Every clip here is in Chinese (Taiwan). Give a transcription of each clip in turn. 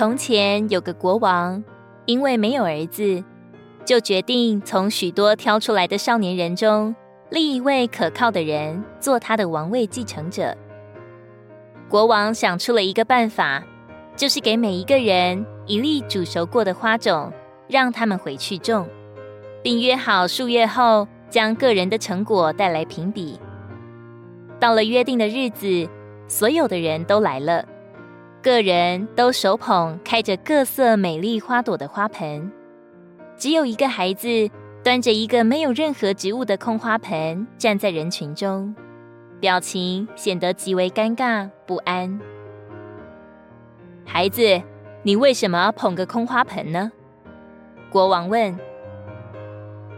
從前有個國王，因為沒有兒子，就決定從許多挑出來的少年人中，立一位可靠的人做他的王位繼承者。國王想出了一個辦法，就是給每一個人一粒煮熟過的花種，讓他們回去種，並約好數月後將個人的成果帶來評比。到了約定的日子，所有的人都來了。個人都手捧開着各色美麗花朵的花盆，只有一個孩子端着一個沒有任何植物的空花盆站在人群中，表情顯得極為尷尬不安。孩子，你為什麼捧個空花盆呢？國王問。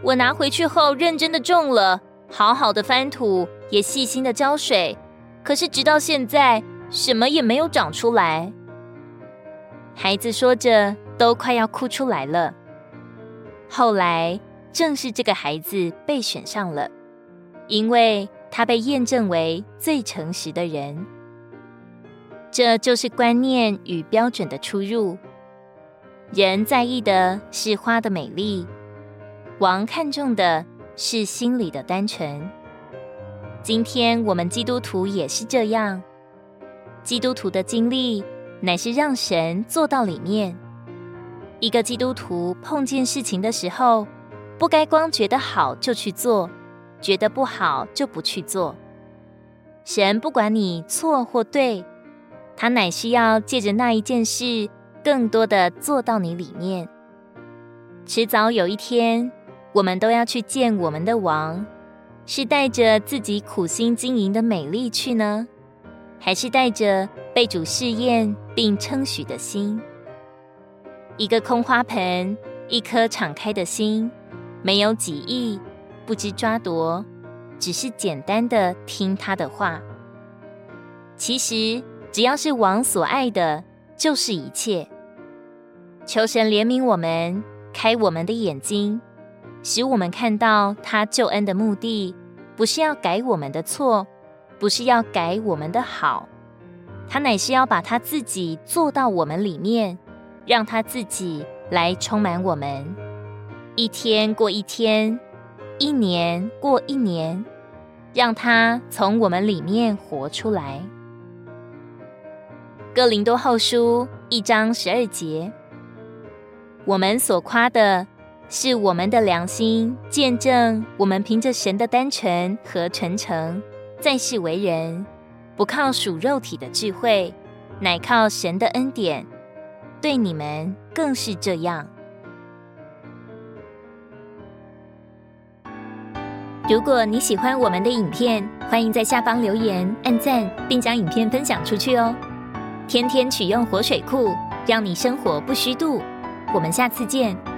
我拿回去後認真的種了，好好的翻土，也細心的澆水，可是直到現在，什麼也沒有長出來，孩子說着，都快要哭出來了。後來，正是這個孩子被選上了，因為他被驗證為最誠實的人。這就是觀念與標準的出入。人在意的是花的美麗，王看重的是心裡的單純。今天我們基督徒也是這樣。基督徒的經歷，乃是讓神做到裡面。一個基督徒碰見事情的時候，不該光覺得好就去做，覺得不好就不去做。神不管你錯或對，他乃需要借着那一件事，更多的做到你裡面。遲早有一天，我們都要去見我們的王，是帶着自己苦心經營的美麗去呢？還是帶着被主試驗並稱許的心，一個空花盆，一顆敞開的心，沒有己意，不知抓奪，只是簡單的聽他的話。其實，只要是王所愛的，就是一切。求神憐憫我們，開我們的眼睛，使我們看到他救恩的目的，不是要改我們的錯。不是要改我們的好，他乃是要把他自己做到我們裡面，讓他自己來充滿我們。一天過一天，一年過一年，讓他從我們裡面活出來。哥林多後書一章十二節，我們所誇的是我們的良心，見證我們憑着神的單純和純誠、誠。在世為人，不靠屬肉體的智慧，乃靠神的恩典，對你們更是這樣。如果你喜歡我們的影片，歡迎在下方留言、按讚，並將影片分享出去哦。天天取用活水庫，讓你生活不虛度。我們下次見。